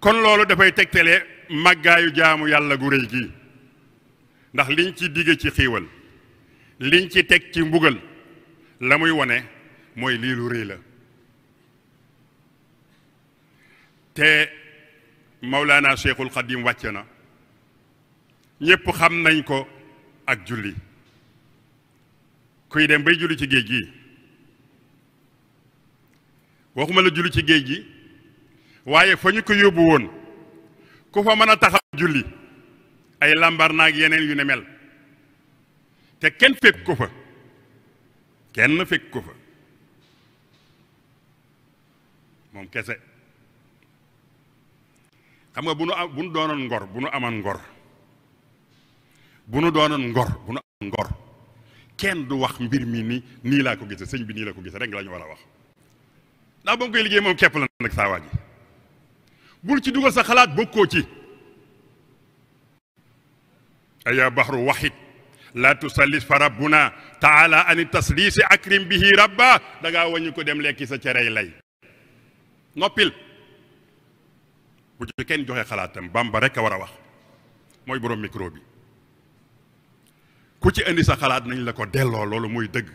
kon loolu dafay tegtale màggaayu jaamu yàlla gu réy gii ndax liñ ci digge ci xiiwal liñ ci teg ci mbugal la muy wone mooy lii lu réy la te Mawlaana Cheikhul Xadim wàcce na ñépp xam nañ ko ak julli kuy dem bay julli ci géej gi waxuma la julli ci géej gi waaye fa ñu ko yóbbu woon ku fa mën a taxaw julli ay lambar naag yeneen yu ne mel te kenn fekk ko fa kenn fekk ko fa moom kese xam nga bu nu am bu nu doonoon ngor bu nu amoon ngor bu nu doonoon ngor bu nu amoon ngor kenn du wax mbir mi ni nii laa ko gise sëñ bi nii laa ko gise rek la ñu war a wax ndax ba mu koy liggéey moom képp la nag saa ji bul ci dugal sa xalaat bokkoo ci ayaa bahru waxit laa tusallis fa rabbuna taala ani taslisi akrim bihi rabba da ngaa wàññi ko dem lekk sa cerey lay noppil bu ci kenn joxe xalaatam bamba rek a war a wax mooy boroom micro bi ku ci indi sa xalaat nañ la ko delloo loolu muy dëgg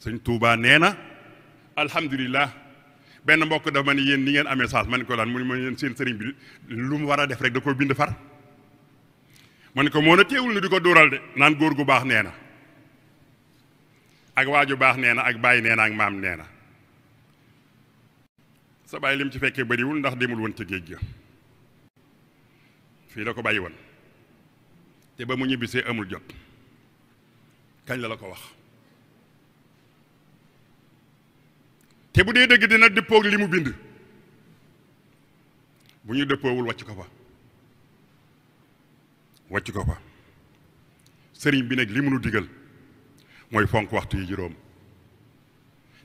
sëñ tuubaa nee na alhamdulillah benn mbokk dafa ma ne yéen ni ngeen amee saas man ko lan mu ne ma yéen seen sëriñ bi lu mu war a def rek da ko bind far ma ne ko moo na téewul ni di ko dóoral de naan góor gu baax nee na ak waaju baax nee na ak bàyyi nee na ak maam nee na sa bàyyi lim ci fekkee bariwul ndax demul woon ca géej ga fii la ko bàyyi woon te ba mu ñibbisee amul jot kañ la la ko wax te bu dee dëgg dina dëppoog li mu bind bu ñu dëppoowul wacc ko fa wàcc ko fa sëriñ bi nag li mu nu digal mooy fonk waxtu yi juróom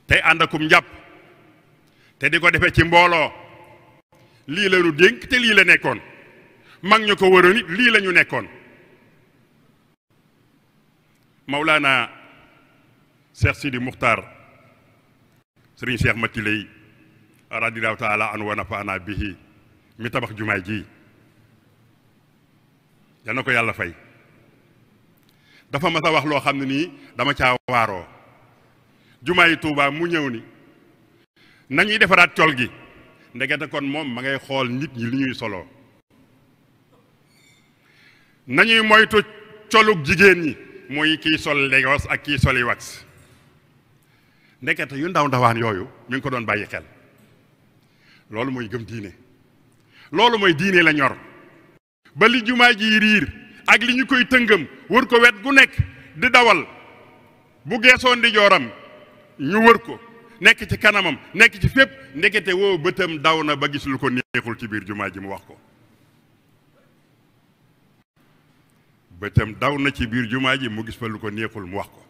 tey ànd akum njàpp te di ko defe ci mbooloo lii la dénk te lii la nekkoon mag ñu ko waroon it lii la ñu nekkoon Mawlaana Cheikh Sidi Muxtaar sëriñ Cheikh Mati Lay radiyallahu taala an wa nafaana bihi mi tabax jumaay ji yal na ko yàlla fay dafa mas a wax loo xam ne nii dama caa waaroo jumaa yi Tuubaa mu ñëw ni nañuy defaraat col gi ndegete kon moom ma ngay xool nit ñi li ñuy soloo nañuy moytu colug jigéen ñi mooy kiy sol legos ak kiy soli wax ndekete yu ndaw ndawaan yooyu mi ngi ko doon bàyyi xel loolu mooy gëm diine loolu mooy diine la ñor ba li jumaa ji riir ak li ñu koy tëngam wër ko wet gu nekk di dawal bu geesoo ndi jooram ñu wër ko nekk ci kanamam nekk ci fépp ndekete woo bëtam daw na ba gis lu ko neexul ci biir jumaa ji mu wax ko bëtam daw na ci biir jumaa ji mu gis fa lu ko neexul mu wax ko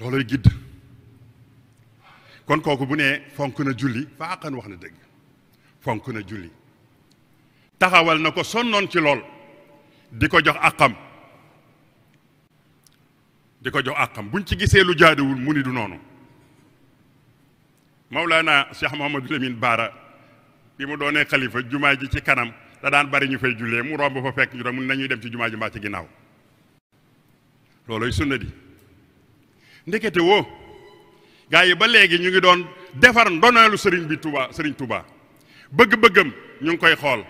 looloy gidd kon kooku bu ne fonk na julli faaqan wax na dëgg fonk na julli taxawal na ko sonnoon ci lool di ko jox àqam di ko jox àqam buñ ci gisee lu jaaduwul mu ni du noonu Mawlana Cheikh Mouhamadou Lamine Baara bi mu doonee xalifa jumaa ji ci kanam da daan bari ñu fay jullee mu romb fa fekk ñu doon mun nañuy dem ci jumaa ji mbaa ci ginnaaw looloy sunna ndekete woo gaa yi ba léegi ñu ngi doon defar ndoneelu sëriñ bi Touba sëriñ tubaa bëgg-bëggam ñu ngi koy xool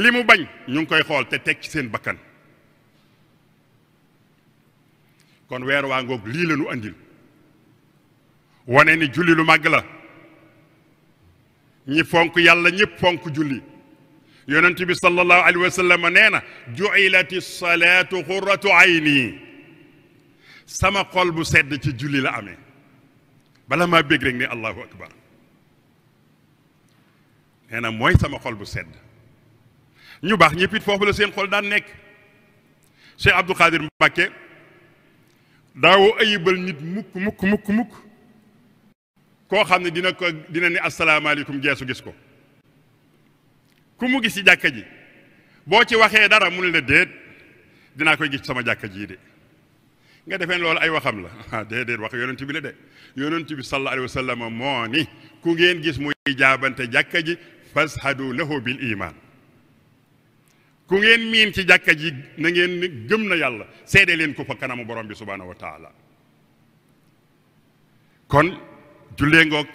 li mu bañ ñu ngi koy xool te teg ci seen bakkan kon weer waa ngoog lii la ñu andil wane ni julli lu màgg la ñi fonk yàlla ñëpp fonk julli yonent bi sallallahu alayhi wa sallam nee na ju'ilati salaatu qurratu ayni sama xol bu sedd ci julli la amee bala maa bég rek ne allahu akbar nee mooy sama xol bu sedd ñu baax ñëpp it foofu la seen xol daan nekk Cheikh Abdou Khadir Mbacke daawoo ayibal nit mukk mukk mukk mukk koo xam ne dina ko dina ne asalaamaaleykum geesu gis ko ku mu gis ci jàkka ji boo ci waxee dara mu ne la déet dinaa koy gis sama jàkka jii de nga defee loolu ay waxam la ah déedéet wax yonent bi la de yonent bi sallallahu alayhi wa moo ni ku ngeen gis muy jaabante jàkka ji fashadu lahu bil iman ku ngeen miin ci jàkka ji na ngeen gëm na yàlla seede leen ko fa kanamu borom bi subhanahu wa kon jullee ngoog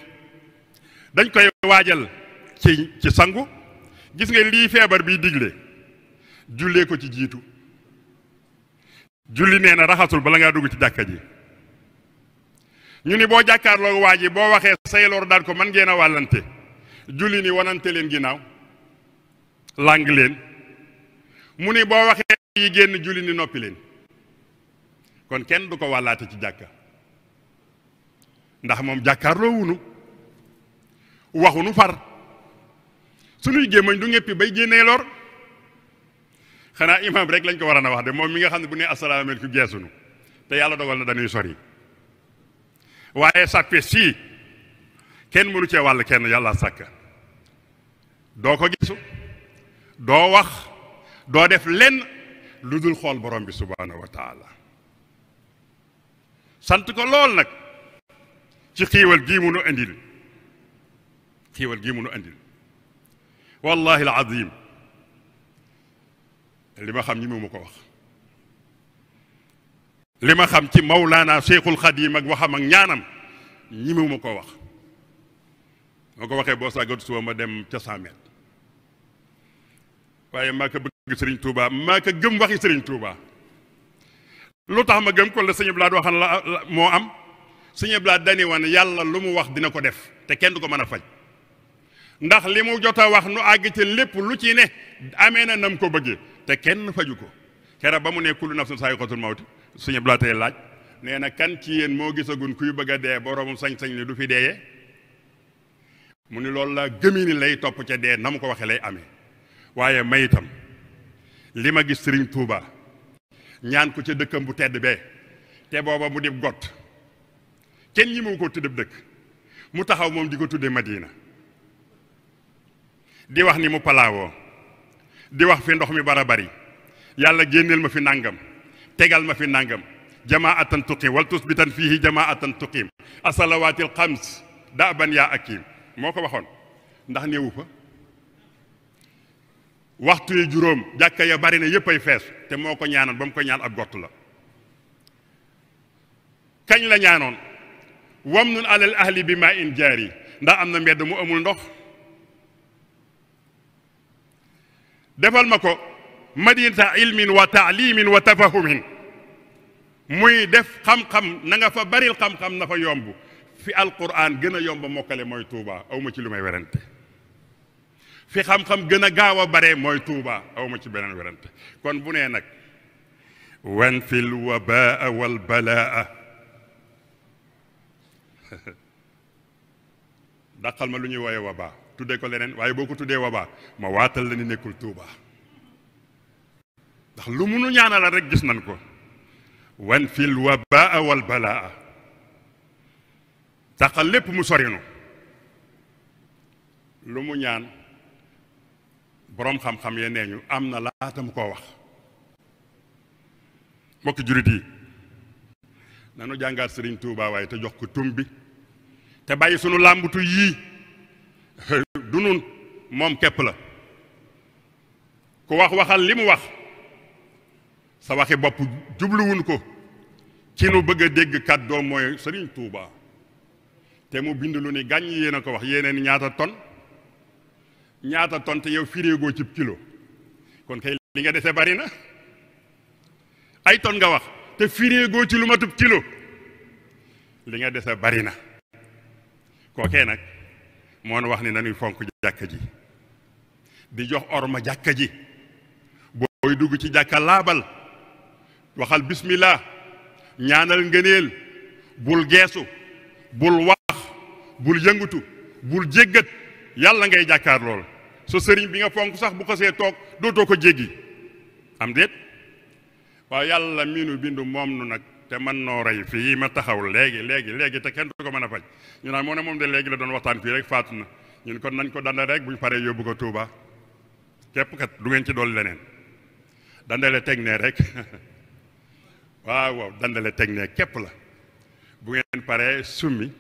dañ koy waajal ci ci sangu gis nga lii feebar bii digle jullee ko ci jiitu julli nee na raxasul bala ngaa dugg ci jàkka ji ñu ni boo jàkkaarloo waa ji boo waxee say lor daan ko man ngeen a wàllante julli ni wanante leen ginnaaw làng leen mu ni boo waxee yi génn julli ni noppi leen kon kenn du ko wàllaate ci jàkka ndax moom jàkkaarloo wunu waxunu far sunuy gémmañ du ñëppi bay génnee lor xanaa imaam rek lañ ko war a wax de moom mi nga xam ne bu ne asalaamaaleykum geesunu te yàlla dogal na dañuy sori waaye sàppe sii kenn mënu cee wàll kenn yàlla sàkk doo ko gisu doo wax doo def lenn lu dul xool borom bi subhaanahu wa taala sant ko lool nag ci xiiwal gii mu nu indil xiiwal gii mu nu wallahi al azim li ma xam ñi ko wax li ma xam ci Mawlaana Cheikhul yi mag waxam ak ñaanam ñi ko wax moo ko waxee boo sàggatu suba ma dem ca Samet waaye maa ko bëgg Serigne Touba maa ko gëm waxi sëriñ Touba lu tax ma gëm ko la sëñ Blaad waxan la moo am sëñ Blaad dañuy wan yàlla lu mu wax dina ko def te kenn du ko mën a faj ndax li mu jot wax nu àgg ci lépp lu ci ne amee na nam ko bëggee. te kenn faju ko kera ba mu ne kullu nafsin saa'iqatul mawti suñu blootee laaj nee na kan ci yéen moo gisagun kuy bëgg a dee boroomam sañ-sañ ni du fi deeyee mu ni loolu la gëmi ni lay topp ca dee na mu ko waxee lay amee waaye may li ma gis Sëriñ Tuuba ñaan ko ca dëkkam bu tedd bee te booba mu dib gott kenn ñi mu ko tuddeb dëkk mu taxaw moom di ko tudde diina di wax ni mu palaawoo di wax fi ndox mi bara bari yàlla génneel ma fi nangam tegal ma fi nangam jamaatan tuqim wal tusbitan fiihi jamaatan tuqim asalawaatil xams daaban yaa akim moo ko waxoon ndax néewu fa waxtu yi juróom jàkka ya bari na yépp ay fees te moo ko ñaanoon ba mu ko ñaan ab gott la kañ la ñaanoon wam nun alal ahli bi maa in jaari ndax am na mbedd mu amul ndox defal ma ko madinata ilmin wa wa tafahumin muy def xam-xam na nga fa bari xam-xam na fa yomb fi alquran gën a yomb mokkale mooy tuuba ma ci lu may werante fi xam gën a gaaw a bare mooy tuuba ma ci beneen werante kon bu nee nag wan fil wabaa wal balaa dàqal ma lu ñuy wooye wabaa tuddee ko leneen waaye boo ko tuddee wabaa ma waatal la ni nekkul tuuba ndax lu ñaana la rek gis nan ko wan fil wabaa wal balaa taxal lépp mu sorinu lu mu ñaan boroom xam-xam ye nee ñu am na laatam koo wax mbokki jurit yi nanu jàngaat sëriñ tuuba waaye te jox ko tum bi te bàyyi sunu làmbutu yii du nun moom képp la ku wax waxal li mu wax sa waxi bopp jubluwun ko ci nu bëgg a dégg kàddoom mooy Sëriñ Tuuba te mu bind lu ni gàññ yéen a ko wax yeneen ñaata ton ñaata ton te yow firéegoo cib kilo kon kay li nga dese bari na ay ton nga wax te firéegoo ci lu matub kilo li nga dese bari na kookee nag moo wax ni nañuy fonk jàkka ji di jox orma jàkka ji booy dugg ci jàkka laabal waxal bismillah ñaanal ngëneel bul geesu bul wax bul yëngutu bul jéggat yàlla ngay jàkkaar lool sa sëriñ bi nga fonk sax bu xasee toog dootoo ko jéggi am déet waaw yàlla miinu bindu moom nu nag te man noo rey fii ma taxaw léegi léegi léegi te kenn du ko mën a faj ñu naan moo moom de léegi la doon waxtaan fii rek faatu na ñu ñun ko nañ ko dandale rek bu ñu paree yóbbu ko Touba képp kat du ngeen ci dool leneen dandale teg rek waaw waaw dandale teg ne képp la bu ngeen paree summi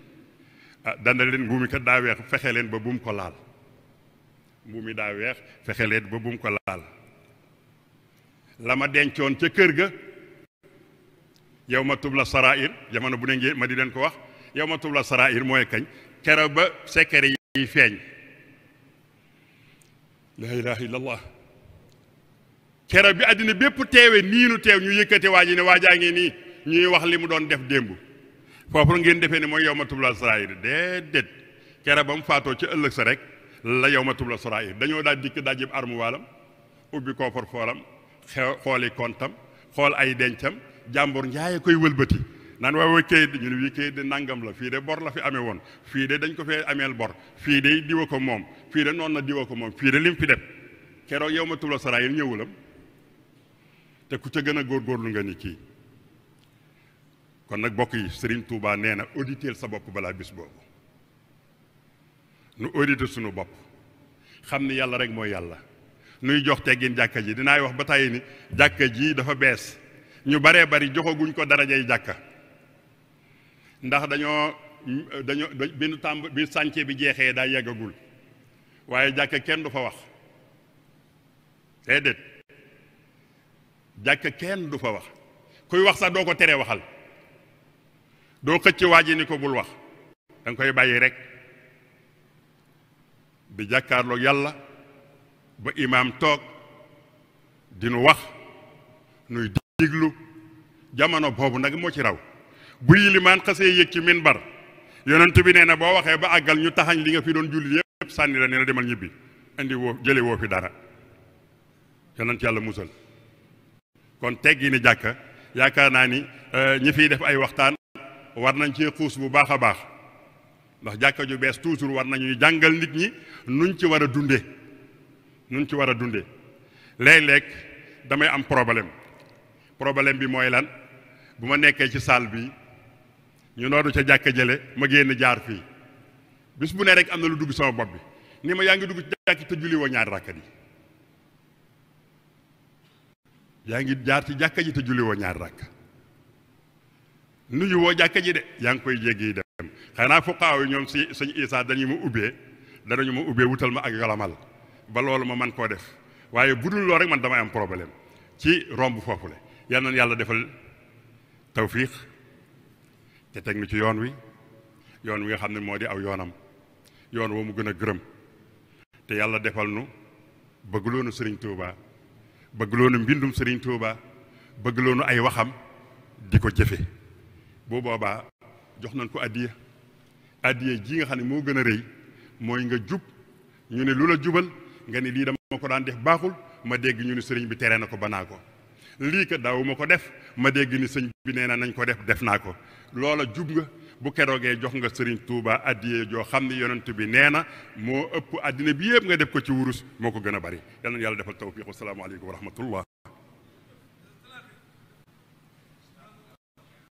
ah dandale leen mbuumi kat daa weex fexe leen ba buum ko laal mbuumi daa weex fexe leen ba buum ko laal la ma dencoon ca kër ga. yow ma tubla sarair jamono bu ne ngeen ma di leen ko wax yow ma tubla sarair mooy kañ kero ba secret yi feeñ la ilaha illallah kero bi àddina bépp teewe nii teew ñu yëkkate waa yi ne waajaa ngi nii ñuy wax li mu doon def démb foofu ngeen defee ni mooy yow ma tubla sarair déedéet kero ba mu faatoo ci ëllëg sa rek la yow ma tubla sarair dañoo daal dikk dajib armu waalam ubbi koofar foolam xew xooli kontam xool ay dencam jàmbur njaayee koy wëlbati naan waa waaw kayit ñu ne wii kayit de nangam la fii de bor la fi amee woon fii de dañ ko fee ameel bor fii de diwa ko moom fii de noonu na diwa ko moom fii de lim fi def keroog yow ma tubla saraay yi ñëwulam te ku ca gën a góorgóorlu nga ni kii kon nag bokk yi sëriñ Touba nee na auditeel sa bopp balaa bis boobu nu auditer sunu bopp xam ni yàlla rek mooy yàlla nuy jox teggin jàkka ji dinaay wax ba tàyyi ni jàkka ji dafa bees ñu baree bari joxaguñ ko darajay jàkka ndax dañoo dañoo bi nu tàmb bi sànce bi jeexee daa yeggagul waaye jàkk kenn du fa wax déedéet jàkka kenn du fa wax kuy wax sax doo ko teree waxal doo xëcc waa ji ni ko bul wax da koy bàyyi rek di jàkkaarloog yàlla ba imaam toog dinu wax nuy diglu jamono boobu nag moo ci raw bu yilimaan xasee yëg ci min minbar yonent bi nee na boo waxee ba àggal ñu taxañ li nga fi doon julli yëpp sànni la nee na demal ñibbi indi woo jële woo fi dara yonent yàlla musal kon teggi ni jàkka yaakaar naa ni euh, ñi fiy def ay waxtaan war nañ ci xuus bu baax a baax ndax jàkka ju bees toujours war nañuy jàngal nit ñi nuñ ci war a dunde nuñ ci war a dunde léeg-léeg damay am problème problème bi mooy lan bu ma nekkee ci salle bi ñu noodu ca jàkka jële ma génn jaar fii bis bu ne rek am na lu dugg sama bopp bi ni ma yaa ngi dugg ci jàkki te ñaari rakkat yi yaa ngi jaar ci jàkka ji te julli woo ñaar rakk nuyu woo jàkka ji de yaa ngi koy jéggi dem xanaa fuqaaw yi ñoom si sëñ Isaa dañuy ma ubbee danañu ma ubbee wutal ma ak yolamal ba loolu ma man koo def waaye bu dul loolu rek man damay am problème ci romb foofu le yal na yàlla defal tawfiix te teg na ci yoon wi yoon wi nga xam ne moo di aw yoonam yoon woo mu gën a gërëm te yàlla defal nu bëggloonu sëriñ Touba bëggloonu mbindum sëriñ Touba bëggloonu ay waxam di ko jëfe boo boobaa jox nañ ko addiya addiya jii nga xam ne moo gën a rëy mooy nga jub ñu ne lu la jubal nga ne lii dama ko daan def baaxul ma dégg ñu ne sëriñ bi tere na ko banaa ko lii ko dawuma ko def ma dégg ni sëñ bi nee na nañ ko def def naa ko loola jub nga bu keroogee jox nga sëriñ Touba addiyee joo xam ne yonent bi nee na moo ëpp addina bi yëpp nga def ko ci wurus moo ko gën a bari yal na yàlla defal tawfiq wa salaamu aleykum wa rahmatullah